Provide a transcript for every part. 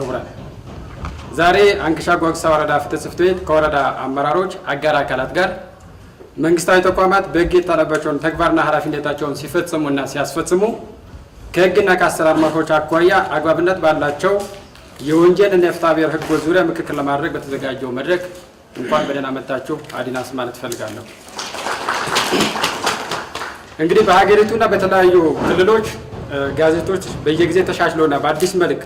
ክቡራን ዛሬ አንክሻ ጓጉሳ ወረዳ ፍትህ ጽሕፈት ቤት ከወረዳ አመራሮች፣ አጋር አካላት ጋር መንግስታዊ ተቋማት በህግ የተጣለባቸውን ተግባርና ኃላፊነታቸውን ሲፈጽሙና ሲያስፈጽሙ ከህግና ከአሰራር መርሆች አኳያ አግባብነት ባላቸው የወንጀልና የፍትሐ ብሔር ሕጎች ዙሪያ ምክክር ለማድረግ በተዘጋጀው መድረክ እንኳን በደህና መጣችሁ አዲናስ ማለት እፈልጋለሁ። እንግዲህ በሀገሪቱና በተለያዩ ክልሎች ጋዜጦች በየጊዜ ተሻሽሎና በአዲስ መልክ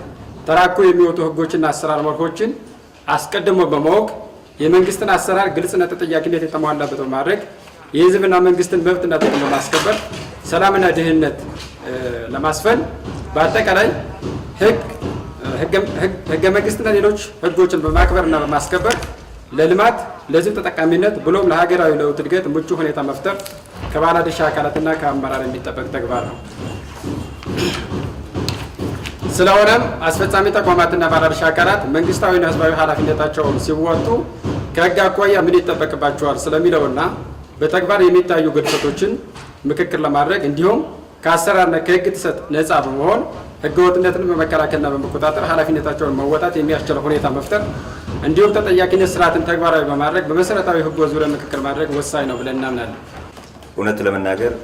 ተራኮ የሚወጡ ህጎችና አሰራር መርሆችን አስቀድሞ በማወቅ የመንግስትን አሰራር ግልጽና ተጠያቂነት የተሟላበት በማድረግ የህዝብና መንግስትን መብትና ጥቅም በማስከበር ሰላምና ደህንነት ለማስፈን በአጠቃላይ ህገ መንግስትና ሌሎች ህጎችን በማክበርና በማስከበር ለልማት ለህዝብ ተጠቃሚነት ብሎም ለሀገራዊ ለውጥ እድገት ምቹ ሁኔታ መፍጠር ከባለድርሻ አካላትና ከአመራር የሚጠበቅ ተግባር ነው። ስለሆነም አስፈጻሚ ተቋማትና ባለድርሻ አካላት መንግስታዊና ህዝባዊ ኃላፊነታቸውን ሲወጡ ከህግ አኳያ ምን ይጠበቅባቸዋል ስለሚለውና በተግባር የሚታዩ ግድፈቶችን ምክክር ለማድረግ እንዲሁም ከአሰራርና ከህግ ጥሰት ነፃ በመሆን ህገወጥነትን በመከላከልና በመቆጣጠር ኃላፊነታቸውን መወጣት የሚያስችል ሁኔታ መፍጠር እንዲሁም ተጠያቂነት ስርዓትን ተግባራዊ በማድረግ በመሰረታዊ ህጎች ዙሪያ ምክክር ማድረግ ወሳኝ ነው ብለን እናምናለን። እውነት ለመናገር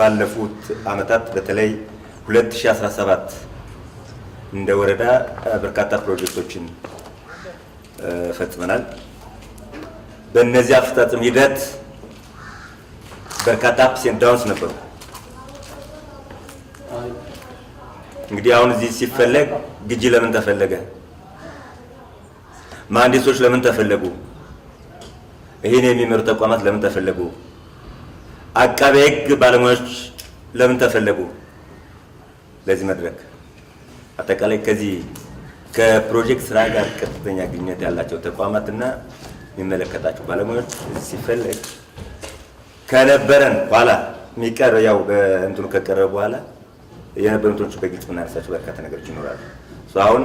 ባለፉት ዓመታት በተለይ 2017 እንደ ወረዳ በርካታ ፕሮጀክቶችን ፈጽመናል። በእነዚህ አፈጻጸም ሂደት በርካታ አፕስ ኤንድ ዳውንስ ነበሩ። እንግዲህ አሁን እዚህ ሲፈለግ ግጂ ለምን ተፈለገ? መሀንዲሶች ለምን ተፈለጉ? ይህን የሚመሩ ተቋማት ለምን ተፈለጉ? አቃቤ ሕግ ባለሙያዎች ለምን ተፈለጉ? ለዚህ መድረክ አጠቃላይ ከዚህ ከፕሮጀክት ስራ ጋር ቀጥተኛ ግንኙነት ያላቸው ተቋማትና የሚመለከታቸው ባለሙያዎች ሲፈለግ ከነበረን በኋላ የሚቀር ያው በእንትኑ ከቀረ በኋላ የነበሩ እንትኖች በግልጽ የምናነሳቸው በርካታ ነገሮች ይኖራሉ። አሁን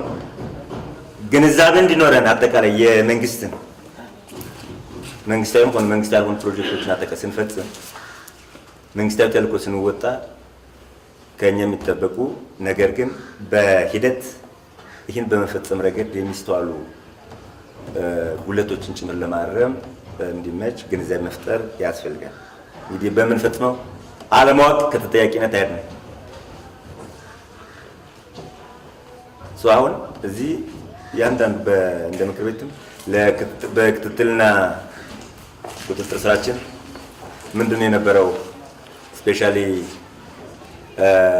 ግንዛቤ እንዲኖረን አጠቃላይ የመንግስትን መንግስታዊም ሆነ መንግስት ያልሆኑ ፕሮጀክቶችን አጠቀ ስንፈጽም መንግስታዊ ተልእኮ ስንወጣ ከኛ የሚጠበቁ ነገር ግን በሂደት ይህን በመፈጸም ረገድ የሚስተዋሉ ጉለቶችን ጭምር ለማረም እንዲመች ግንዛቤ መፍጠር ያስፈልጋል። እንግዲህ በምንፈጽመው አለማወቅ ከተጠያቂነት አያድንም። አሁን እዚህ ያንዳንዱ እንደ ምክር ቤትም በክትትልና ቁጥጥር ስራችን ምንድን ነው የነበረው ስፔሻሊ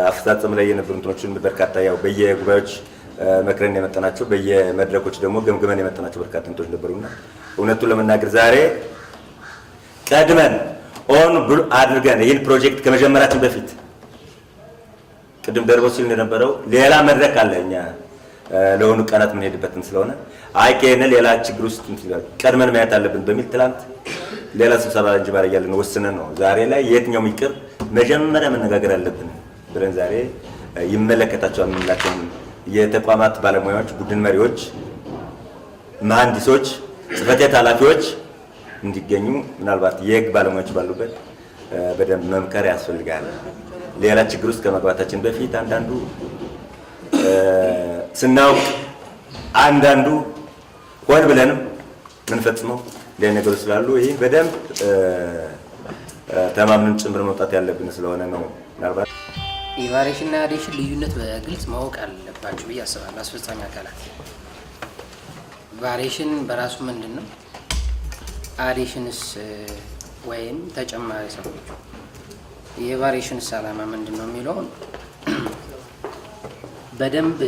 አፈጻጸም ላይ የነበሩ እንትኖችን በርካታ ያው በየጉባኤዎች መክረን የመጠናቸው በየመድረኮች ደግሞ ገምግመን የመጠናቸው በርካታ እንትኖች ነበሩና እውነቱን ለመናገር ዛሬ ቀድመን ኦን ብሎ አድርገን ይህን ፕሮጀክት ከመጀመራችን በፊት ቅድም ደርቦ ሲል እንደነበረው ሌላ መድረክ አለ እኛ ለሆኑ ቀናት የምንሄድበትን ስለሆነ አይኬን ሌላ ችግር ውስጥ ቀድመን ማየት አለብን በሚል ትላንት ሌላ ስብሰባ እንጅባር እያለን ወስነን ነው ዛሬ ላይ የትኛውም ይቅር መጀመሪያ መነጋገር አለብን። ብለን ዛሬ ይመለከታቸዋል የምንላቸውን የተቋማት ባለሙያዎች፣ ቡድን መሪዎች፣ መሀንዲሶች ጽፈት ቤት ኃላፊዎች እንዲገኙ ምናልባት የህግ ባለሙያዎች ባሉበት በደንብ መምከር ያስፈልጋል። ሌላ ችግር ውስጥ ከመግባታችን በፊት አንዳንዱ ስናውቅ አንዳንዱ ሆን ብለንም ምንፈጽመው እንደ ነገሮች ስላሉ ይህ በደንብ ተማምነን ጭምር መውጣት ያለብን ስለሆነ ነው ምናልባት የቫሪሽን እና ሬሽን ልዩነት በግልጽ ማወቅ አለባቸው ብዬ አስባለሁ አስፈጻሚ አካላት። ቫሬሽን በራሱ ምንድን ነው? አዴሽንስ ወይም ተጨማሪ ሰዎች የቫሬሽንስ ዓላማ ምንድን ነው የሚለውን በደንብ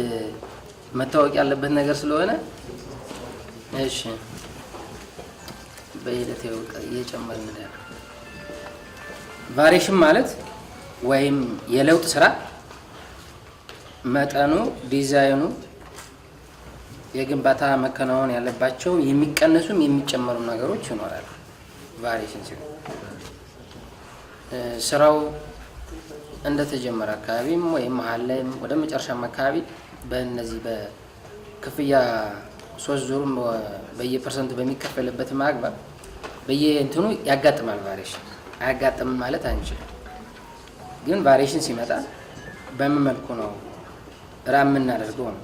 መታወቅ ያለበት ነገር ስለሆነ እሺ፣ በሂደት የጨመርን ቫሬሽን ማለት ወይም የለውጥ ስራ መጠኑ፣ ዲዛይኑ፣ የግንባታ መከናወን ያለባቸው የሚቀነሱም የሚጨመሩም ነገሮች ይኖራሉ። ቫሪሽን ሲሆን ስራው እንደተጀመረ አካባቢም ወይም መሀል ላይም ወደ መጨረሻም አካባቢ በእነዚህ በክፍያ ሶስት ዙርም በየፐርሰንቱ በሚከፈልበት ማግባብ በየእንትኑ ያጋጥማል። ቫሪሽን አያጋጥምም ማለት አንችልም። ግን ቫሪዬሽን ሲመጣ በምን መልኩ ነው ራ የምናደርገው ነው።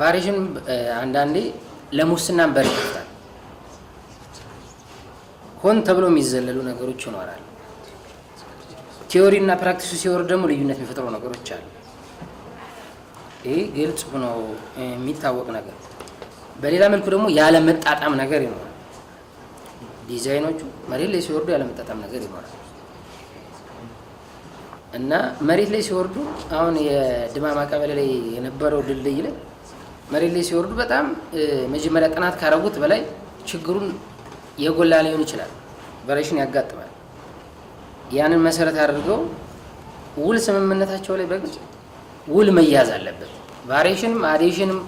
ቫሪሽን አንዳንዴ ለሙስናም በር ይከፍታል። ሆን ተብሎ የሚዘለሉ ነገሮች ይኖራል። ቲዮሪ እና ፕራክቲሱ ሲወርድ ደግሞ ልዩነት የሚፈጥሩ ነገሮች አሉ። ይህ ግልጽ ሆኖ የሚታወቅ ነገር፣ በሌላ መልኩ ደግሞ ያለመጣጣም ነገር ይኖራል። ዲዛይኖቹ መሬት ላይ ሲወርዱ ያለመጣጣም ነገር ይኖራል። እና መሬት ላይ ሲወርዱ አሁን የድማማ ቀበሌ ላይ የነበረው ድልድይ ላይ መሬት ላይ ሲወርዱ በጣም መጀመሪያ ጥናት ካረጉት በላይ ችግሩን የጎላ ሊሆን ይችላል። በሬሽን ያጋጥማል። ያንን መሰረት አድርገው ውል ስምምነታቸው ላይ በግልጽ ውል መያዝ አለበት። ቫሪሽንም አዴሽንም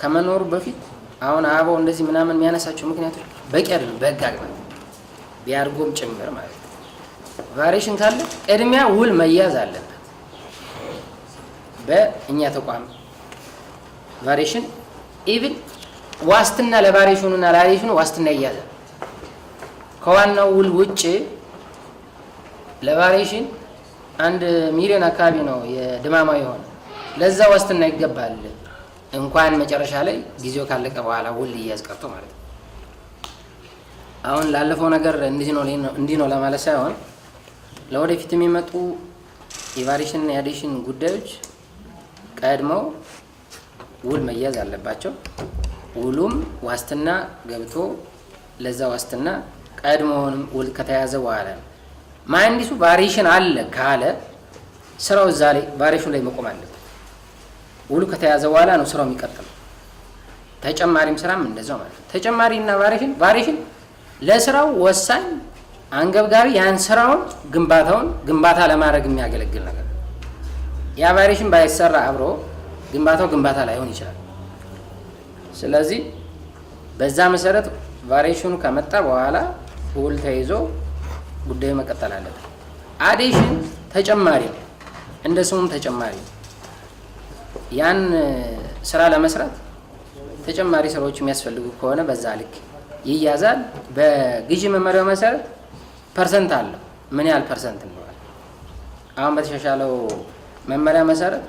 ከመኖሩ በፊት አሁን አበባው እንደዚህ ምናምን የሚያነሳቸው ምክንያቶች በቂ አይደለም። በህግ አግባብ ቢያድርጎም ጭምር ማለት ነው። ቫሪሽን ካለ ቅድሚያ ውል መያዝ አለበት። በእኛ ተቋም ቫሬሽን ኢቭን ዋስትና ለቫሪሽኑና ለቫሪሽኑ ዋስትና ይያዛል። ከዋናው ውል ውጭ ለቫሪሽን አንድ ሚሊዮን አካባቢ ነው የድማማ የሆነ ለዛ ዋስትና ይገባል። እንኳን መጨረሻ ላይ ጊዜው ካለቀ በኋላ ውል ሊያዝ ቀርቶ ማለት ነው። አሁን ላለፈው ነገር እንዲህ ነው ለማለት ሳይሆን ለወደፊት የሚመጡ የቫሪሽን እና የአዲሽን ጉዳዮች ቀድመው ውል መያዝ አለባቸው። ውሉም ዋስትና ገብቶ ለዛ ዋስትና ቀድሞውንም ውል ከተያዘ በኋላ ነው። ማንዲሱ ቫሪሽን አለ ካለ ስራው እዛ ላይ ቫሪሽኑ ላይ መቆም አለበት። ውሉ ከተያዘ በኋላ ነው ስራው የሚቀጥለው። ተጨማሪም ስራም እንደዛው ማለት ነው። ተጨማሪና ቫሪሽን ቫሪሽን ለስራው ወሳኝ አንገብጋቢ ያን ስራውን ግንባታውን ግንባታ ለማድረግ የሚያገለግል ነገር ያ ቫሪሽን ባይሰራ አብሮ ግንባታው ግንባታ ላይሆን ይችላል። ስለዚህ በዛ መሰረት ቫሪሽኑ ከመጣ በኋላ ውል ተይዞ ጉዳዩ መቀጠል አለበት። አዴሽን ተጨማሪ እንደ ስሙም ተጨማሪ ያን ስራ ለመስራት ተጨማሪ ስራዎች የሚያስፈልጉ ከሆነ በዛ ልክ ይያዛል። በግዢ መመሪያው መሰረት ፐርሰንት አለው። ምን ያህል ፐርሰንት እንለዋል? አሁን በተሻሻለው መመሪያ መሰረት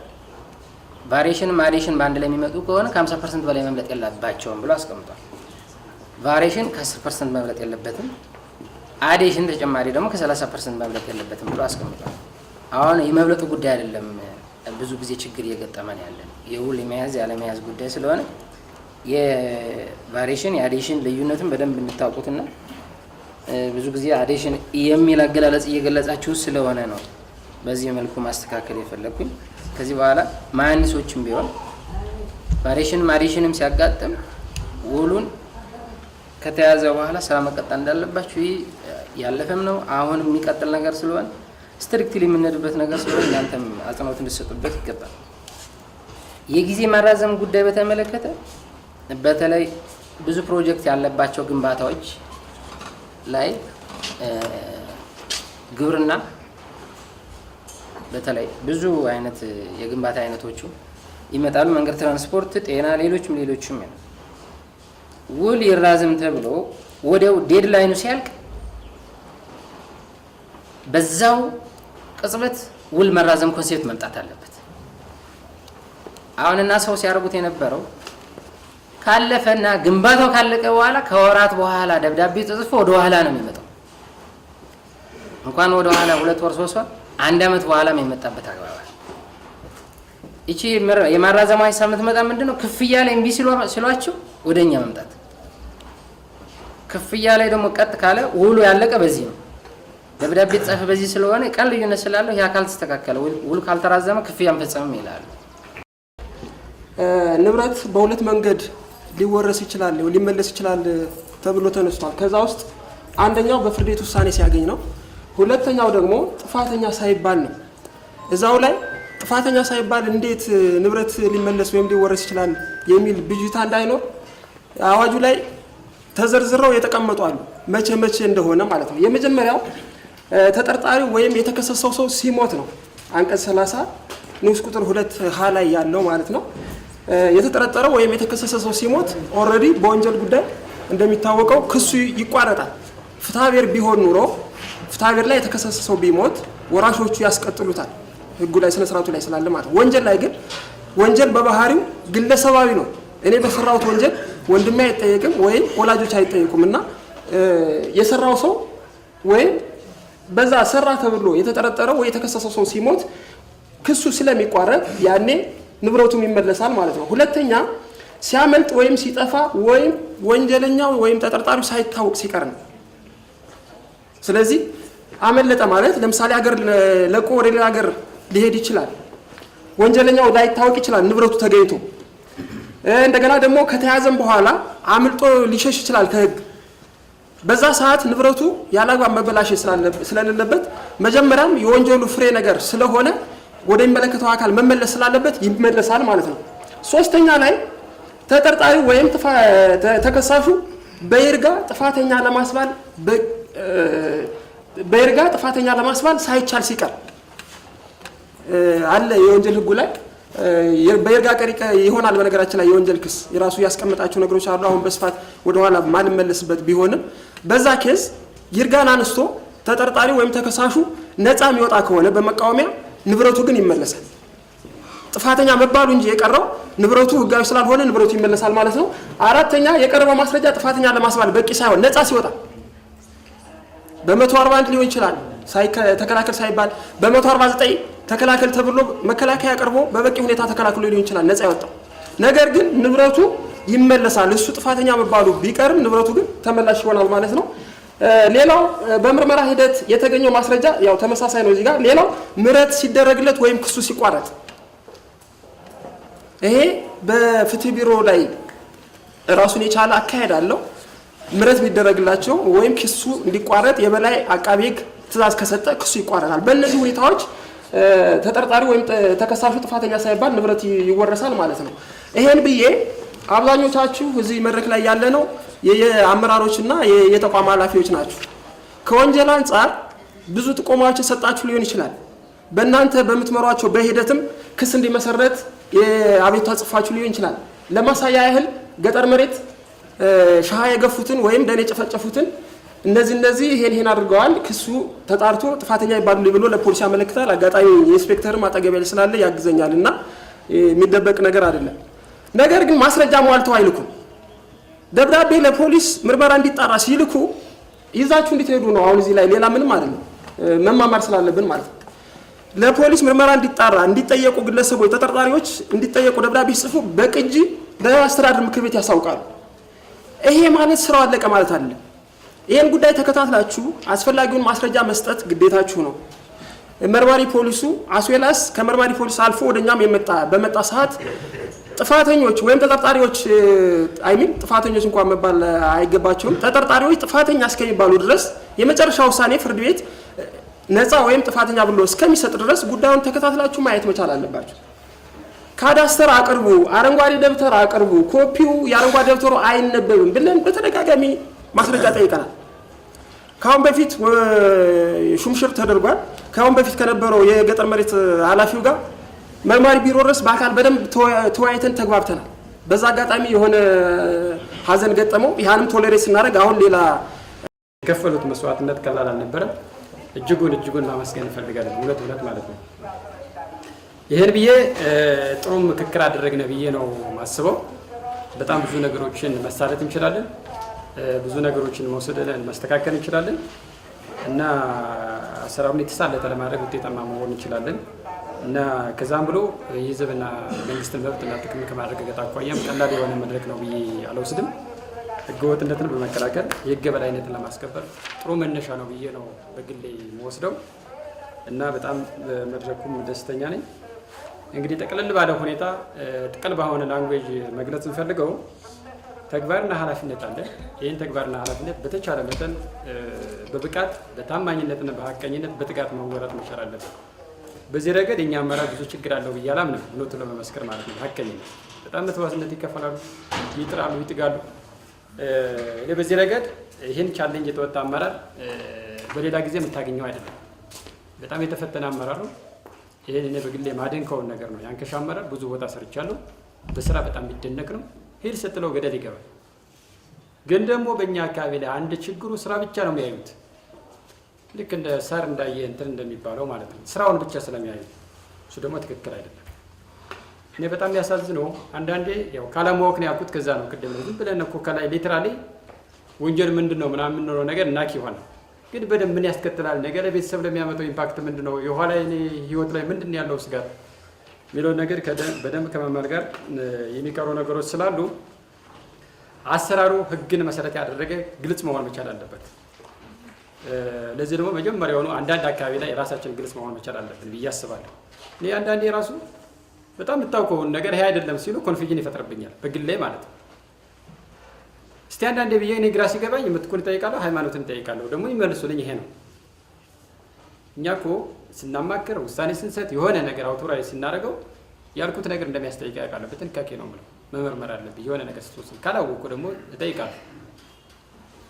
ቫሪሽንም አዲሽን በአንድ ላይ የሚመጡ ከሆነ ከ50 ፐርሰንት በላይ መብለጥ የለባቸውም ብሎ አስቀምጧል። ቫሪሽን ከ10 ፐርሰንት መብለጥ የለበትም፣ አዲሽን ተጨማሪ ደግሞ ከ30 ፐርሰንት መብለጥ የለበትም ብሎ አስቀምጧል። አሁን የመብለጡ ጉዳይ አይደለም ብዙ ጊዜ ችግር እየገጠመን ያለን የውል የመያዝ ያለመያዝ ጉዳይ ስለሆነ የቫሪሽን የአዲሽን ልዩነትን በደንብ እንታውቁትና ብዙ ጊዜ አዴሽን የሚል አገላለጽ እየገለጻችሁ ስለሆነ ነው በዚህ መልኩ ማስተካከል የፈለግኩኝ። ከዚህ በኋላ መሀንሶችም ቢሆን አዴሽንም አዴሽንም ሲያጋጥም ውሉን ከተያዘ በኋላ ስራ መቀጠል እንዳለባችሁ ይህ ያለፈም ነው አሁን የሚቀጥል ነገር ስለሆነ ስትሪክትሊ የምንሄድበት ነገር ስለሆነ እናንተም አጽንኦት እንድሰጡበት ይገባል። የጊዜ ማራዘም ጉዳይ በተመለከተ በተለይ ብዙ ፕሮጀክት ያለባቸው ግንባታዎች ላይ ግብርና በተለይ ብዙ አይነት የግንባታ አይነቶቹ ይመጣሉ። መንገድ፣ ትራንስፖርት፣ ጤና፣ ሌሎችም ሌሎችም ውል ይራዝም ተብሎ ወዲያው ዴድላይኑ ሲያልቅ በዛው ቅጽበት ውል መራዘም ኮንሴፕት መምጣት አለበት። አሁንና ሰው ሲያደርጉት የነበረው ካለፈና ግንባታው ካለቀ በኋላ ከወራት በኋላ ደብዳቤ ተጽፎ ወደ ኋላ ነው የሚመጣው። እንኳን ወደ ኋላ ሁለት ወር ሶስት ወር አንድ አመት በኋላ የሚመጣበት አግባባል። ይቺ የማራዘማ ሂሳብ የምትመጣ ምንድን ነው? ክፍያ ላይ እምቢ ሲሏቸው ወደ እኛ መምጣት። ክፍያ ላይ ደግሞ ቀጥ ካለ ውሉ ያለቀ በዚህ ነው። ደብዳቤ ተጻፈ በዚህ ስለሆነ ቀን ልዩነት ስላለው ይህ ካልተስተካከለ ውሉ ካልተራዘመ ክፍያ አንፈጽምም ይላሉ። ንብረት በሁለት መንገድ ሊወረስ ይችላል ሊመለስ ይችላል ተብሎ ተነስቷል። ከዛ ውስጥ አንደኛው በፍርድ ቤት ውሳኔ ሲያገኝ ነው። ሁለተኛው ደግሞ ጥፋተኛ ሳይባል ነው። እዛው ላይ ጥፋተኛ ሳይባል እንዴት ንብረት ሊመለስ ወይም ሊወረስ ይችላል የሚል ብዥታ እንዳይኖር አዋጁ ላይ ተዘርዝረው የተቀመጡ አሉ። መቼ መቼ እንደሆነ ማለት ነው። የመጀመሪያው ተጠርጣሪው ወይም የተከሰሰው ሰው ሲሞት ነው። አንቀጽ 30 ንዑስ ቁጥር ሁለት ሀ ላይ ያለው ማለት ነው። የተጠረጠረው ወይም የተከሰሰ ሰው ሲሞት ኦልሬዲ በወንጀል ጉዳይ እንደሚታወቀው ክሱ ይቋረጣል። ፍትሐብሔር ቢሆን ኑሮ ፍትሐብሔር ላይ የተከሰሰ ሰው ቢሞት ወራሾቹ ያስቀጥሉታል፣ ህጉ ላይ ስነ ስርዓቱ ላይ ስላለ ማለት ወንጀል ላይ ግን ወንጀል በባህሪው ግለሰባዊ ነው። እኔ በሰራሁት ወንጀል ወንድሜ አይጠየቅም ወይም ወላጆች አይጠየቁም እና የሰራው ሰው ወይም በዛ ሰራ ተብሎ የተጠረጠረው ወይ የተከሰሰው ሰው ሲሞት ክሱ ስለሚቋረጥ ያኔ ንብረቱም ይመለሳል ማለት ነው። ሁለተኛ ሲያመልጥ ወይም ሲጠፋ ወይም ወንጀለኛው ወይም ተጠርጣሪው ሳይታወቅ ሲቀር ነው። ስለዚህ አመለጠ ማለት ለምሳሌ ሀገር ለቆ ወደ ሌላ ሀገር ሊሄድ ይችላል። ወንጀለኛው ላይታወቅ ይችላል ንብረቱ ተገኝቶ። እንደገና ደግሞ ከተያዘም በኋላ አምልጦ ሊሸሽ ይችላል ከህግ። በዛ ሰዓት ንብረቱ ያላግባብ መበላሸት ስለሌለበት መጀመሪያም የወንጀሉ ፍሬ ነገር ስለሆነ ወደሚመለከተው አካል መመለስ ስላለበት ይመለሳል ማለት ነው። ሶስተኛ ላይ ተጠርጣሪ ወይም ተከሳሹ በይርጋ ጥፋተኛ ለማስባል በይርጋ ጥፋተኛ ለማስባል ሳይቻል ሲቀር አለ የወንጀል ህጉ ላይ በይርጋ ቀሪ ይሆናል። በነገራችን ላይ የወንጀል ክስ የራሱ ያስቀመጣቸው ነገሮች አሉ። አሁን በስፋት ወደኋላ ማንመለስበት ቢሆንም በዛ ኬዝ ይርጋን አንስቶ ተጠርጣሪ ወይም ተከሳሹ ነፃ የሚወጣ ከሆነ በመቃወሚያ ንብረቱ ግን ይመለሳል። ጥፋተኛ መባሉ እንጂ የቀረው ንብረቱ ህጋዊ ስላልሆነ ንብረቱ ይመለሳል ማለት ነው። አራተኛ የቀረበው ማስረጃ ጥፋተኛ ለማስባል በቂ ሳይሆን ነፃ ሲወጣ በመቶ አርባ አንድ ሊሆን ይችላል ተከላከል ሳይባል በመቶ አርባ ዘጠኝ ተከላከል ተብሎ መከላከያ ቀርቦ በበቂ ሁኔታ ተከላክሎ ሊሆን ይችላል ነፃ ይወጣው። ነገር ግን ንብረቱ ይመለሳል። እሱ ጥፋተኛ መባሉ ቢቀርም ንብረቱ ግን ተመላሽ ይሆናል ማለት ነው። ሌላው በምርመራ ሂደት የተገኘው ማስረጃ ያው ተመሳሳይ ነው እዚህ ጋር። ሌላው ምረት ሲደረግለት ወይም ክሱ ሲቋረጥ ይሄ በፍትህ ቢሮ ላይ ራሱን የቻለ አካሄድ አለው። ምረት ቢደረግላቸው ወይም ክሱ እንዲቋረጥ የበላይ አቃቤ ሕግ ከሰጠ ክሱ ይቋረጣል። በእነዚህ ሁኔታዎች ተጠርጣሪ ወይም ተከሳሹ ጥፋተኛ ሳይባል ንብረት ይወረሳል ማለት ነው። ይሄን ብዬ አብዛኞቻችሁ እዚህ መድረክ ላይ ያለ ነው የአመራሮችና የተቋም ኃላፊዎች ናችሁ። ከወንጀል አንጻር ብዙ ጥቆማዎችን የሰጣችሁ ሊሆን ይችላል። በእናንተ በምትመሯቸው በሂደትም ክስ እንዲመሰረት አቤቱታ ጽፋችሁ ሊሆን ይችላል። ለማሳያ ያህል ገጠር መሬት ሻሃ የገፉትን ወይም ደን የጨፈጨፉትን እነዚህ እነዚህ ይሄን ይሄን አድርገዋል፣ ክሱ ተጣርቶ ጥፋተኛ ይባሉ ብሎ ለፖሊስ ያመለክታል። አጋጣሚ የኢንስፔክተርም አጠገብ ስላለ ያግዘኛል እና የሚደበቅ ነገር አይደለም። ነገር ግን ማስረጃ ሟልተው አይልኩም። ደብዳቤ ለፖሊስ ምርመራ እንዲጣራ ሲልኩ ይዛችሁ እንድትሄዱ ነው። አሁን እዚህ ላይ ሌላ ምንም አይደለም፣ መማማር ስላለብን ማለት ነው። ለፖሊስ ምርመራ እንዲጣራ እንዲጠየቁ ግለሰቦች ተጠርጣሪዎች እንዲጠየቁ ደብዳቤ ጽፉ በቅጂ ለአስተዳደር ምክር ቤት ያሳውቃሉ። ይሄ ማለት ስራው አለቀ ማለት አይደለም። ይህን ጉዳይ ተከታትላችሁ አስፈላጊውን ማስረጃ መስጠት ግዴታችሁ ነው። መርማሪ ፖሊሱ አስዌላስ ከመርማሪ ፖሊስ አልፎ ወደኛም በመጣ ሰዓት ጥፋተኞች ወይም ተጠርጣሪዎች አይሚን ጥፋተኞች እንኳን መባል አይገባቸውም። ተጠርጣሪዎች ጥፋተኛ እስከሚባሉ ድረስ የመጨረሻ ውሳኔ ፍርድ ቤት ነፃ ወይም ጥፋተኛ ብሎ እስከሚሰጥ ድረስ ጉዳዩን ተከታትላችሁ ማየት መቻል አለባችሁ። ካዳስተር አቅርቡ፣ አረንጓዴ ደብተር አቅርቡ፣ ኮፒው የአረንጓዴ ደብተሩ አይነበብም ብለን በተደጋጋሚ ማስረጃ ጠይቀናል። ከአሁን በፊት ሹምሽር ተደርጓል። ከአሁን በፊት ከነበረው የገጠር መሬት ኃላፊው ጋር መርማሪ ቢሮ ድረስ በአካል በደንብ ተወያይተን ተግባብተናል። በዛ አጋጣሚ የሆነ ሀዘን ገጠመው። ይህንም ቶሌሬት ስናደርግ አሁን ሌላ የከፈሉት መስዋዕትነት ቀላል አልነበረም። እጅጉን እጅጉን ማመስገን እንፈልጋለን። እውነት እውነት ማለት ነው። ይህን ብዬ ጥሩ ምክክር አደረግነ ብዬ ነው ማስበው። በጣም ብዙ ነገሮችን መሳለት እንችላለን። ብዙ ነገሮችን መውሰድን መስተካከል እንችላለን እና ስራውን የተሳለጠ ለማድረግ ውጤታማ መሆን እንችላለን። እና ከዛም ብሎ የህዝብና መንግስትን መብትና ጥቅም ከማረጋገጥ አኳያም ቀላል የሆነ መድረክ ነው ብዬ አልወስድም። ህገወጥነትን በመከላከል የህገ በላይነትን ለማስከበር ጥሩ መነሻ ነው ብዬ ነው በግሌ መወስደው እና በጣም መድረኩም ደስተኛ ነኝ። እንግዲህ ጠቅልል ባለ ሁኔታ ጥቅል በሆነ ላንጉዌጅ መግለጽ እንፈልገው ተግባርና ኃላፊነት አለ። ይህን ተግባርና ኃላፊነት በተቻለ መጠን በብቃት በታማኝነትና በሀቀኝነት በትጋት መወራት መቻል አለበት። በዚህ ረገድ የኛ አመራር ብዙ ችግር አለው ብዬ አላምንም። እውነቱን ለመመስከር ማለት ነው። ሀቀኝነት በጣም በተዋስነት ይከፈላሉ፣ ይጥራሉ፣ ይጥጋሉ። እኔ በዚህ ረገድ ይህን ቻሌንጅ የተወጣ አመራር በሌላ ጊዜ የምታገኘው አይደለም። በጣም የተፈተነ አመራር ነው። ይህን እኔ በግሌ ማደን ነገር ነው። የአንከሻ አመራር ብዙ ቦታ ሰርቻለሁ። በስራ በጣም የሚደነቅ ነው። ሂድ ስትለው ገደል ይገባል። ግን ደግሞ በእኛ አካባቢ ላይ አንድ ችግሩ ስራ ብቻ ነው የሚያዩት ልክ እንደ ሰር እንዳየ እንትን እንደሚባለው ማለት ነው። ስራውን ብቻ ስለሚያዩ እሱ ደግሞ ትክክል አይደለም። እኔ በጣም ያሳዝነው አንዳንዴ ያው ካለማወቅ ነው ያልኩት። ከዛ ነው ቅድም ዝም ብለን እኮ ከላይ ሊትራሊ ወንጀል ምንድን ነው ምናምን የምንለው ነገር እናክ ይሆናል ግን በደንብ ምን ያስከትላል ነገ ለቤተሰብ ለሚያመጣው ኢምፓክት ምንድን ነው የኋላ ህይወት ላይ ምንድን ያለው ስጋት የሚለው ነገር በደንብ ከመማር ጋር የሚቀሩ ነገሮች ስላሉ አሰራሩ ህግን መሰረት ያደረገ ግልጽ መሆን መቻል አለበት። ለዚህ ደግሞ መጀመሪያውኑ አንዳንድ አካባቢ ላይ የራሳችን ግልጽ መሆን መቻል አለብን ብዬ አስባለሁ። እኔ አንዳንዴ የራሱ በጣም የምታውቀውን ነገር ይሄ አይደለም ሲሉ ኮንፊዥን ይፈጥርብኛል፣ በግል ላይ ማለት ነው። እስቲ አንዳንዴ ብዬ እኔ ግራ ሲገባኝ ምትኩን እጠይቃለሁ፣ ሃይማኖትን እጠይቃለሁ። ደግሞ ይመልሱልኝ ይሄ ነው። እኛ እኮ ስናማክር ውሳኔ ስንሰጥ የሆነ ነገር አውቶራ ስናደርገው ያልኩት ነገር እንደሚያስጠይቅ ያውቃለሁ። በጥንቃቄ ነው የምለው፣ መመርመር አለብኝ። የሆነ ነገር ስትወስን ካላወቁ ደግሞ እጠይቃለሁ።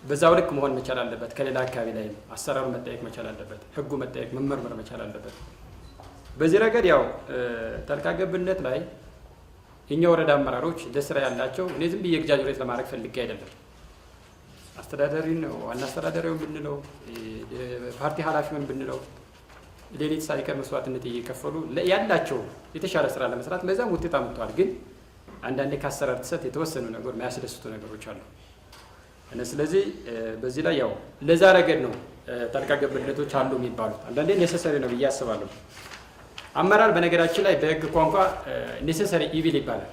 በዛው ልክ መሆን መቻል አለበት። ከሌላ አካባቢ ላይ አሰራሩ መጠየቅ መቻል አለበት። ህጉ መጠየቅ መመርመር መቻል አለበት። በዚህ ረገድ ያው ጣልቃ ገብነት ላይ የኛ ወረዳ አመራሮች ለስራ ያላቸው እኔ ዝም ብዬ ግዛጅሬት ለማድረግ ፈልጌ አይደለም። አስተዳደሪ ነው ዋና አስተዳዳሪውን ብንለው ፓርቲ ኃላፊውን ብንለው ሌሊት ሳይቀር መስዋዕትነት እየከፈሉ ያላቸው የተሻለ ስራ ለመስራት በዛም ውጤት አምጥተዋል። ግን አንዳንዴ ከአሰራር ጥሰት የተወሰኑ ነገር የሚያስደስቱ ነገሮች አሉ። ስለዚህ በዚህ ላይ ያው ለዛ ረገድ ነው ጣልቃ ገብነቶች አሉ የሚባሉት። አንዳንዴ ኔሰሰሪ ነው ብዬ አስባለሁ። አመራር በነገራችን ላይ በህግ ቋንቋ ኔሰሰሪ ኢቪል ይባላል።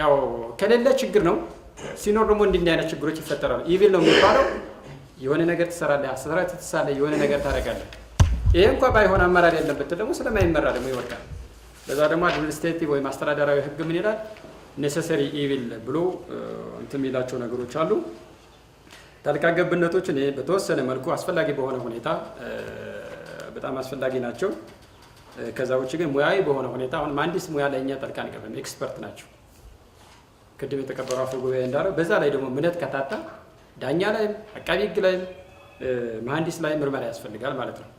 ያው ከሌለ ችግር ነው፣ ሲኖር ደግሞ እንዲህ አይነት ችግሮች ይፈጠራሉ። ኢቪል ነው የሚባለው የሆነ ነገር ትሰራለህ፣ አሰራ ትሳለህ፣ የሆነ ነገር ታደርጋለህ። ይሄ እንኳ ባይሆን አመራር ያለበት ደግሞ ስለማይመራ ደግሞ ይወርቃል በዛ ደግሞ አድሚኒስትሬቲቭ ወይም አስተዳደራዊ ህግ ምን ይላል? ኔሴሰሪ ኢቪል ብሎ እንትን የሚላቸው ነገሮች አሉ። ጣልቃ ገብነቶች እኔ በተወሰነ መልኩ አስፈላጊ በሆነ ሁኔታ በጣም አስፈላጊ ናቸው። ከዛ ውጭ ግን ሙያዊ በሆነ ሁኔታ አሁን መሀንዲስ ሙያ ላይ እኛ ጣልቃ ኤክስፐርት ናቸው። ቅድም የተከበረው አፈ ጉባኤ እንዳለው በዛ ላይ ደግሞ እምነት ከታጣ ዳኛ ላይም አቃቢ ህግ ላይም መሀንዲስ ላይ ምርመራ ያስፈልጋል ማለት ነው።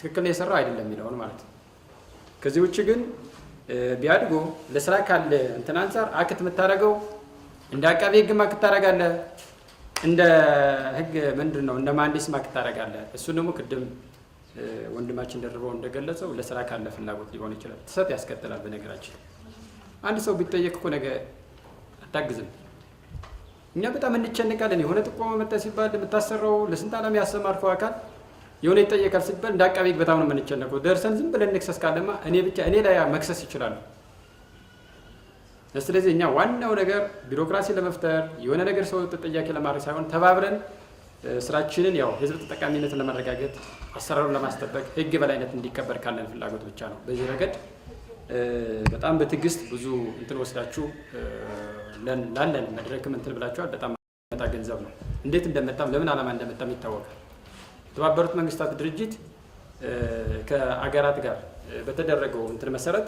ትክክል የሰራ አይደለም የሚለውን ማለት ነው። ከዚህ ውጭ ግን ቢያድጉ ለስራ ካለ እንትን አንጻር አክት የምታደርገው እንደ አቃቤ ህግ ማክት ታደርጋለህ፣ እንደ ህግ ምንድን ነው እንደ መሀንዲስ ማክት ታደርጋለህ። እሱ ደግሞ ቅድም ወንድማችን ደርበው እንደገለጸው ለስራ ካለ ፍላጎት ሊሆን ይችላል። ትሰጥ ያስቀጥላል። በነገራችን አንድ ሰው ቢጠየቅ እኮ ነገ አታግዝም። እኛ በጣም እንቸንቃለን። የሆነ ጥቆማ መጣ ሲባል የምታሰራው ለስንት ዓለም ያሰማርከው አካል የሆነ ይጠየቃል ሲባል እንደ አቃቤ ሕግ በጣም ነው የምንጨነቀው። ደርሰን ዝም ብለን እንክሰስ ካለማ እኔ ብቻ እኔ ላይ መክሰስ ይችላሉ። ስለዚህ እኛ ዋናው ነገር ቢሮክራሲ ለመፍጠር የሆነ ነገር ሰው ተጠያቂ ለማድረግ ሳይሆን ተባብረን ስራችንን ያው ህዝብ ተጠቃሚነትን ለማረጋገጥ አሰራሩን ለማስጠበቅ ህግ በላይነት እንዲከበር ካለን ፍላጎት ብቻ ነው። በዚህ ረገድ በጣም በትዕግስት ብዙ እንትን ወስዳችሁ ላለን መድረክም እንትን ብላችኋል። በጣም መጣ ገንዘብ ነው እንዴት እንደመጣም ለምን ዓላማ እንደመጣም ይታወቃል። የተባበሩት መንግስታት ድርጅት ከአገራት ጋር በተደረገው እንትን መሰረት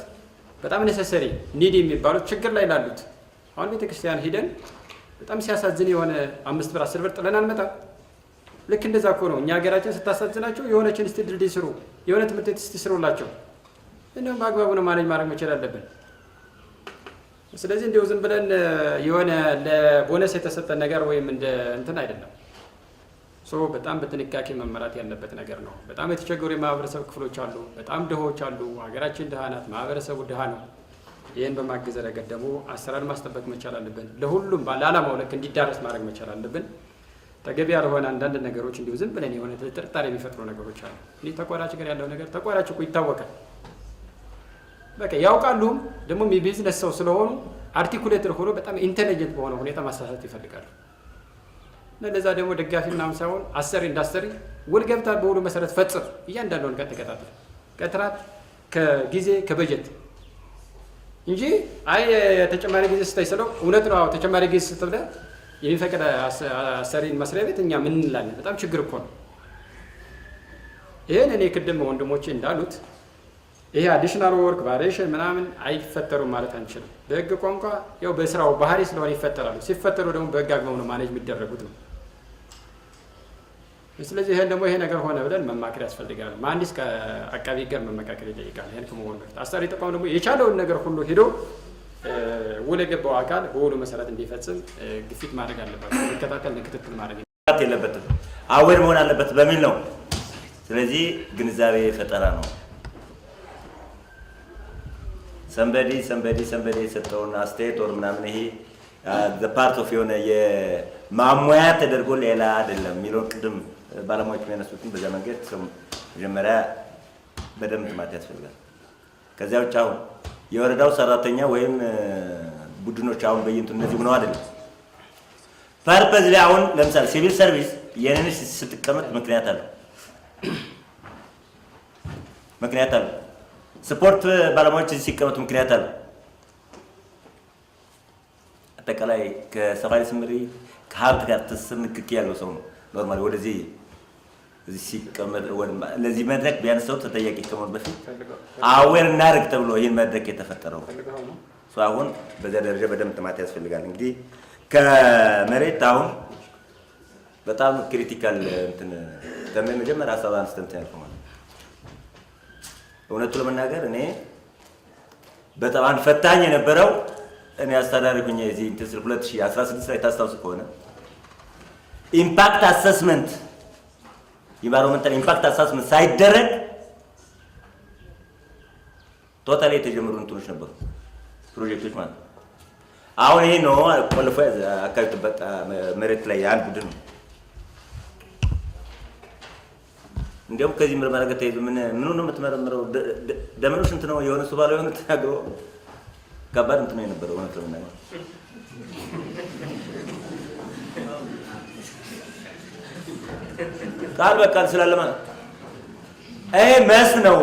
በጣም ነሰሰሪ ኒድ የሚባሉት ችግር ላይ ላሉት አሁን ቤተክርስቲያን ሂደን በጣም ሲያሳዝን የሆነ አምስት ብር አስር ብር ጥለን አንመጣም። ልክ እንደዛ እኮ ነው እኛ ሀገራችን ስታሳዝናቸው የሆነችን እስቲ ድልድይ ስሩ፣ የሆነ ትምህርት ቤት ስሩላቸው። እንዲሁም በአግባቡ ነው ማለኝ ማድረግ መቻል አለብን። ስለዚህ እንዲሁ ዝም ብለን የሆነ ለቦነስ የተሰጠ ነገር ወይም እንደ እንትን አይደለም። ሶ በጣም በጥንቃቄ መመራት ያለበት ነገር ነው። በጣም የተቸገሩ የማህበረሰብ ክፍሎች አሉ። በጣም ድሆች አሉ። ሀገራችን ድሃ ናት። ማህበረሰቡ ድሃ ነው። ይህን በማገዝ ረገድ ደግሞ አሰራር ማስጠበቅ መቻል አለብን። ለሁሉም ለዓላማው ልክ እንዲዳረስ ማድረግ መቻል አለብን። ተገቢ ያልሆነ አንዳንድ ነገሮች እንዲሁ ዝም ብለን የሆነ ጥርጣሬ የሚፈጥሩ ነገሮች አሉ። እኔ ተቋራጭ ጋር ያለው ነገር ተቋራጭ እኮ ይታወቃል። በቃ ያውቃሉም ደግሞ የቢዝነስ ሰው ስለሆኑ አርቲኩሌትር ሆኖ በጣም ኢንቴሊጀንት በሆነ ሁኔታ ማሳሳት ይፈልጋሉ። እና ለዛ ደግሞ ደጋፊ ምናምን ሳይሆን አሰሪ እንዳሰሪ ውል ገብታ በውሉ መሰረት ፈጽም እያንዳንዱን ቀን ተቀጣጥል ቀጥራት ከጊዜ ከበጀት እንጂ አይ ተጨማሪ ጊዜ ስታይ ስለው እውነት ነው። ተጨማሪ ጊዜ ስትብለ የሚፈቅድ አሰሪን መስሪያ ቤት እኛ ምን እንላለን? በጣም ችግር እኮ ነው። ይህን እኔ ቅድም ወንድሞቼ እንዳሉት ይሄ አዲሽናል ወርክ ቫሪሽን ምናምን አይፈጠሩም ማለት አንችልም። በህግ ቋንቋ ያው በስራው ባህሪ ስለሆነ ይፈጠራሉ። ሲፈጠሩ ደግሞ በህግ አግባብ ነው ማኔጅ የሚደረጉት ነው። ስለዚህ ይሄን ደግሞ ይሄ ነገር ሆነ ብለን መማከር ያስፈልጋል። መሐንዲስ ከአቃቢ ጋር መመካከር ይጠይቃል። ይሄን ከመሆኑ በፊት አሰሪ ተቋም ደግሞ የቻለውን ነገር ሁሉ ሄዶ ውል የገባው አካል በውሉ መሰረት እንዲፈጽም ግፊት ማድረግ አለበት። ሊከታተል ክትትል ማድረግ የለበትም አዌር መሆን አለበት በሚል ነው። ስለዚህ ግንዛቤ ፈጠራ ነው። ሰንበዲ ሰንበዲ ሰንበዲ የሰጠውን አስተያየት ወር ምናምን ይሄ ፓርት ኦፍ የሆነ የማሟያ ተደርጎ ሌላ አይደለም የሚለውን ቅድም ባለሙያዎች የሚያነሱትን በዛ መንገድ ሰው መጀመሪያ በደንብ ጥማት ያስፈልጋል። ከዚያ ውጭ አሁን የወረዳው ሰራተኛ ወይም ቡድኖች አሁን በይንቱ እነዚህ ሆነው አይደለም ፐርፐዝ ላይ አሁን ለምሳሌ ሲቪል ሰርቪስ የኔን ስትቀመጥ ምክንያት አለ ምክንያት አለ። ስፖርት ባለሙያዎች እዚህ ሲቀመጡ ምክንያት አለ። አጠቃላይ ከሰፋሪ ስምሪ ከሀብት ጋር ትስስር ንክኪ ያለው ሰው ነው ኖርማሊ ወደዚህ እዚህ ሲቀመጥ ለዚህ መድረክ ቢያንስ ሰው ተጠያቂ ከመሆን በፊት አዌር እናድርግ ተብሎ ይህን መድረክ የተፈጠረው አሁን በዚያ ደረጃ በደንብ ጥማት ያስፈልጋል። እንግዲህ ከመሬት አሁን በጣም ክሪቲካል መጀመሪያ ሀሳብ አንስተን ያልኩህ ማለት እውነቱ ለመናገር እኔ በጣም ፈታኝ የነበረው እኔ አስተዳዳሪ ሁኜ የዚህ እንትን ስል 2016 ላይ ታስታውስ ከሆነ ኢምፓክት አሰስመንት የኢንቫይሮንመንታል ኢምፓክት አሳስመንት ሳይደረግ ቶታሊ የተጀመሩ እንትኖች ነበሩ፣ ፕሮጀክቶች ማለት ነው። አሁን ይሄ ነው ቆልፎ አካባቢ ጥበቃ መሬት ላይ አንድ ቡድን ነው። እንዲያውም ከዚህ ምርመራ ጋር ተይዞ ምን ምኑ ነው የምትመረምረው? ደመኖች ስንት ነው የሆነ ሱባለ የሆነ ተናግሮ ከባድ እንትን ነው የነበረው እውነት ለመናገር ነው ቃል በቃል ስላለ ማለት ይሄ መስ ነው።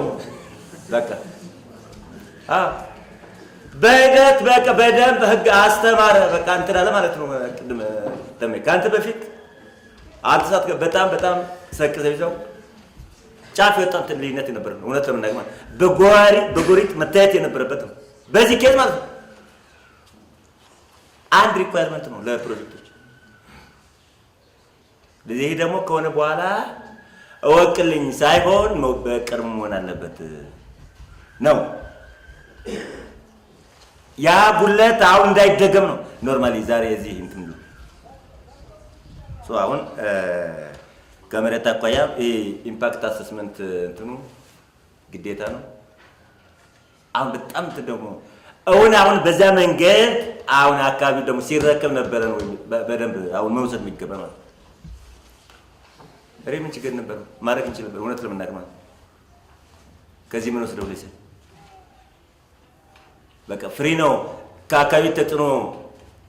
በቃ በሂደት በቃ በደንብ ህግ አስተማረ በቃ እንትን አለ ማለት ነው። ቅድም ደሜ ከአንተ በፊት አልተሳት በጣም በጣም ሰቅዘ ይዘው ጫፍ የወጣ እንትን ልዩነት የነበረ ነው። እውነት ለምናገር ማለት በጓሪ በጎሪጥ መታየት የነበረበት ነው። በዚህ ኬዝ ማለት ነው አንድ ሪኳየርመንት ነው ለፕሮጀክቶች ይህ ደግሞ ከሆነ በኋላ እወቅልኝ ሳይሆን በቅርብ መሆን አለበት ነው። ያ ጉለት አሁን እንዳይደገም ነው። ኖርማሊ ዛሬ እዚህ እንትን ነው። ሶ አሁን ከመሬት አኳያ ኢምፓክት አሰስመንት እንትኑ ግዴታ ነው። አሁን በጣም እንትን ደግሞ እውን አሁን በዛ መንገድ አሁን አካባቢ ደግሞ ሲረከብ ነበረ ነው በደንብ አሁን መውሰድ የሚገባ ማለት እሬ ምን ችግር ነበር? ማድረግ እንችል ነበር። እውነት ለመናገር ማለት ከዚህ ምን ወስደው ልጅ በቃ ፍሪ ነው። ከአካባቢ ተጽዕኖ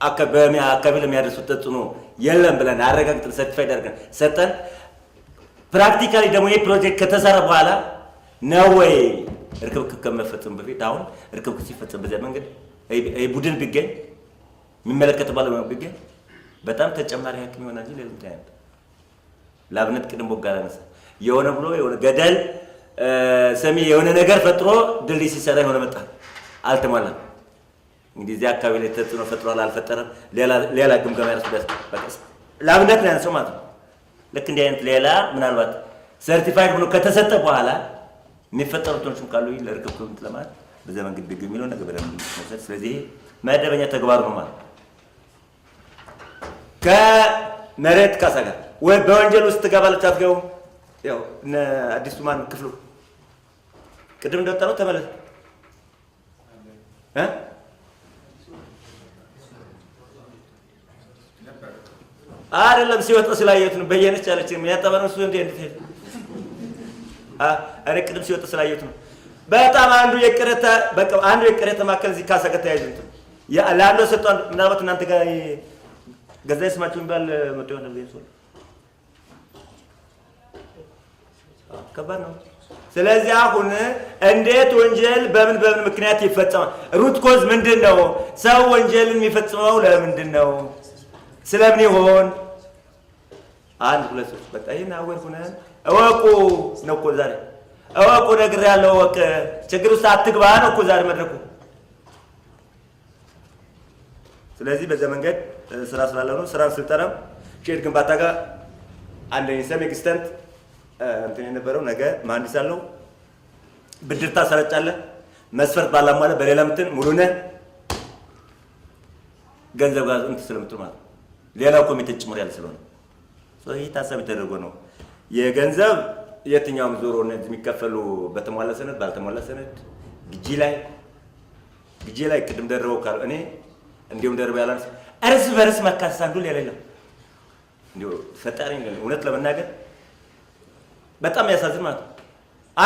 አካባቢ ለሚያደርሱት ተጽዕኖ የለም ብለን አረጋግጠን ሰርቲፋይድ አድርገን ሰጠን። ፕራክቲካሊ ደግሞ ይህ ፕሮጀክት ከተሰራ በኋላ ነው ወይ እርክብክብ ከመፈጸሙ በፊት አሁን ርክብ ሲፈጸም በዚያ መንገድ ቡድን ቢገኝ የሚመለከት ባለሙያ ቢገኝ በጣም ተጨማሪ ሀኪም ይሆናል እንጂ ሌላ ለአብነት ቅድም ቦጋ ላነሳ የሆነ ብሎ የሆነ ገደል ሰሚ የሆነ ነገር ፈጥሮ ድልድይ ሲሰራ የሆነ መጣ አልተሟላም። እንግዲህ እዚህ አካባቢ ላይ ተጽዕኖ ፈጥሯል አልፈጠረም፣ ሌላ ግምገማ ያደርሱበት ለአብነት ነው ያነሰው ማለት ነው። ልክ እንዲህ አይነት ሌላ ምናልባት ሰርቲፋይድ ሆኖ ከተሰጠ በኋላ የሚፈጠሩ የሚፈጠሩትኖችም ካሉ ለርክብ ክብት ለማለት በዛ መንገድ ድግ የሚለው ነገር በደንብ መውሰድ፣ ስለዚህ መደበኛ ተግባር ነው ማለት ነው። መሬት ካሳ ጋር ወይ በወንጀል ውስጥ ትገባለች አትገቡ። ያው እነ አዲሱ ማን ክፍሉ ቅድም እንደወጣ ነው ተመለስ እ አይደለም ሲወጣ ስላየሁት ነው። በየነች አለች የሚያጠበነው እሱ እንዴ እንዴት አ አረ ቅድም ሲወጣ ስላየሁት ነው። በጣም አንዱ የቅሬታ በቃ አንዱ የቅሬታ ማከል እዚህ ካሳ ከተያይዙት ያ ላለው ሰጥቷል ምናልባት እናንተ ጋር ገዛ ስማቸው የሚባል መጡ ይሆናል ብዬ ሰው ከባድ ነው። ስለዚህ አሁን እንዴት ወንጀል በምን በምን ምክንያት ይፈጸማል? ሩት ኮዝ ምንድን ነው? ሰው ወንጀልን የሚፈጽመው ለምንድን ነው? ስለምን ይሆን? አንድ ሁለት ሶስት በቃ ይህን አወር ሁነን እወቁ ነው እኮ ዛሬ እወቁ ነግር ያለው ወቅ ችግር ውስጥ አትግባ ነው እኮ ዛሬ መድረኩ። ስለዚህ በዛ መንገድ ስራ ስላለ ነው። ስራ ስልጠናም ሼድ ግንባታ ጋር አንደኝ ሰም ኤክስተንት እንትን የነበረው ነገ መሀንዲስ አለው ብድር ታሰረጫለህ። መስፈርት ባላሟለ በሌላ ምትን ሙሉነ ገንዘብ ጋር እንትን ስለምትሉ ማለት ነው። ሌላው ኮሚቴን ጭምር ያለ ስለሆነ ይህ ታሳቢ ተደርጎ ነው የገንዘብ የትኛውም ዞሮ እነዚህ የሚከፈሉ በተሟላ ሰነድ ባልተሟላ ሰነድ ግጂ ላይ ግጂ ላይ ቅድም ደርበው ካሉ እኔ እንዲሁም ደርበው ያላነስ እርስ በርስ መካሰስ አንዱ የሌለው እንዲሁ ፈጣሪ እውነት ለመናገር በጣም ያሳዝን ማለት ነው።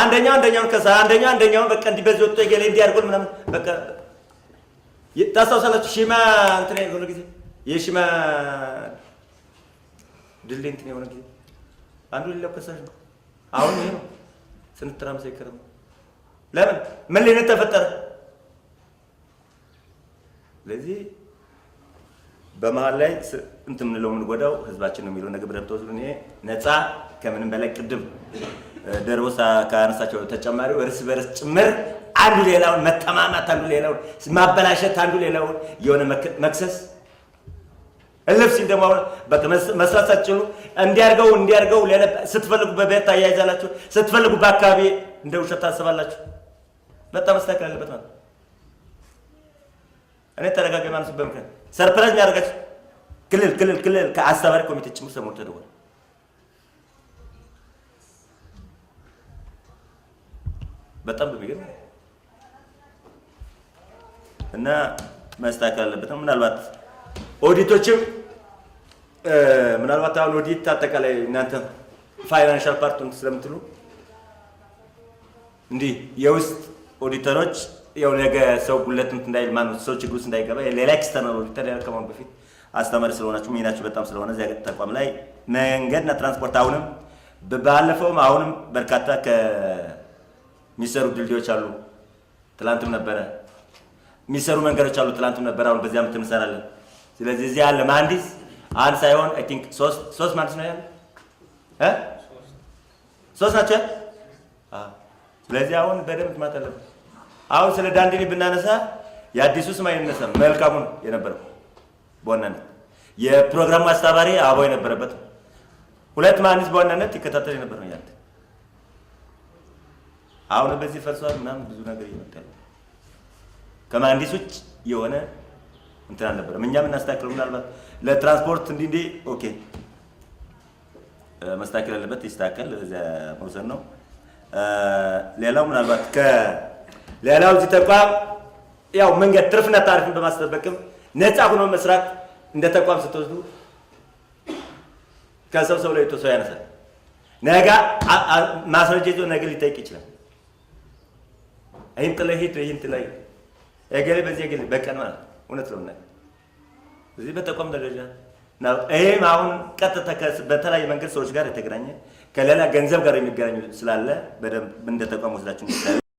አንደኛው አንደኛውን ከሳ አንደኛው አንደኛውን በቃ እንዲህ በዚህ ወጥቶ የገሌ እንዲህ አድርጎል ምናምን በቃ ታስታውሳላችሁ። ሺማ እንትን የሆነ ጊዜ የሺማ ድል እንትን የሆነ ጊዜ አንዱ ሌላው ከሳሽ ነው። አሁን ይሄ ነው ስንትራም ሳይከረም ለምን ምን ሊነት ተፈጠረ? ለዚህ በመሀል ላይ እንትን የምንለው የምንጎዳው ህዝባችን ነው የሚለው ነገር ደብቶ እኔ ነፃ ከምንም በላይ ቅድም ደርቦ ካነሳቸው ተጨማሪ እርስ በርስ ጭምር አንዱ ሌላውን መተማማት፣ አንዱ ሌላውን ማበላሸት፣ አንዱ ሌላውን የሆነ መክሰስ እልፍ ሲል ደግሞ መስራት ሳትችሉ እንዲያርገው እንዲያርገው ስትፈልጉ በቤት ታያይዛላችሁ፣ ስትፈልጉ በአካባቢ እንደ ውሸት ታስባላችሁ። በጣም መስተካከል አለበት ማለት እኔ ተረጋጋ ማለት በምክንያት ሰርፕራይዝ የሚያደርጋቸው ክልል ክልል ክልል ከአስተባሪ ኮሚቴ ጭምር ሰሞኑን ተደወለ። በጣም በሚገርም እና መስተካከል አለበት ነው። ምናልባት ኦዲቶችም ምናልባት አሁን ኦዲት አጠቃላይ እናንተ ፋይናንሻል ፓርቱን ስለምትሉ እንዲህ የውስጥ ኦዲተሮች ያው ነገ ሰው ጉለት እንዳይል ማነው ሰው ችግር ውስጥ እንዳይገባ ሌላ ኤክስተርናል ኦዲተር ያልከማን በፊት አስተማሪ ስለሆናችሁ ሚናችሁ በጣም ስለሆነ እዚያ ተቋም ላይ መንገድና ትራንስፖርት አሁንም ባለፈውም አሁንም በርካታ ከሚሰሩ ድልድዮች አሉ። ትላንትም ነበረ የሚሰሩ መንገዶች አሉ። ትላንትም ነበረ። አሁን በዚያ ዓመት እንሰራለን። ስለዚህ እዚህ ያለ መሀንዲስ አንድ ሳይሆን አይ ቲንክ ሶስት ሶስት መሀንዲስ ነው ያለ እ ሶስት ናቸው። ስለዚህ አሁን በደንብ ማለት አለብን። አሁን ስለ ዳንዲኒ ብናነሳ የአዲሱ ስም አይነሳም። መልካሙን የነበረው በዋናነት የፕሮግራም አስተባባሪ አበባው የነበረበት ሁለት መሀንዲስ በዋናነት ይከታተል የነበረው ያለ አሁን በዚህ ፈርሷል ምናምን ብዙ ነገር ይመጣል። ከመሀንዲስ ውጭ የሆነ እንትን አልነበረም። እኛም እናስተካክለው ምናልባት ለትራንስፖርት እንዲህ እንዲህ ኦኬ መስተካከል ያለበት ይስተካከል። እዚያ መውሰድ ነው። ሌላው ምናልባት ከ ሌላው እዚህ ተቋም ያው መንገድ ትርፍና ታሪፍን በማስጠበቅም ነፃ ሆኖ መስራት እንደ ተቋም ስትወስዱ ከሰው ሰው ላይ ሰው ያነሳል። ነገ ማስረጃ ይዞ ነገ ሊጠይቅ ይችላል። ይህን ጥለ ሂድ፣ ይህን ጥለ ሂድ፣ የገሌ በዚህ የገሌ በቀን ማለት እውነት ነው። እዚህ በተቋም ደረጃ ይህም አሁን ቀጥታ በተለያየ መንገድ ሰዎች ጋር የተገናኘ ከሌላ ገንዘብ ጋር የሚገናኙ ስላለ በደንብ እንደ ተቋም ወስዳችሁ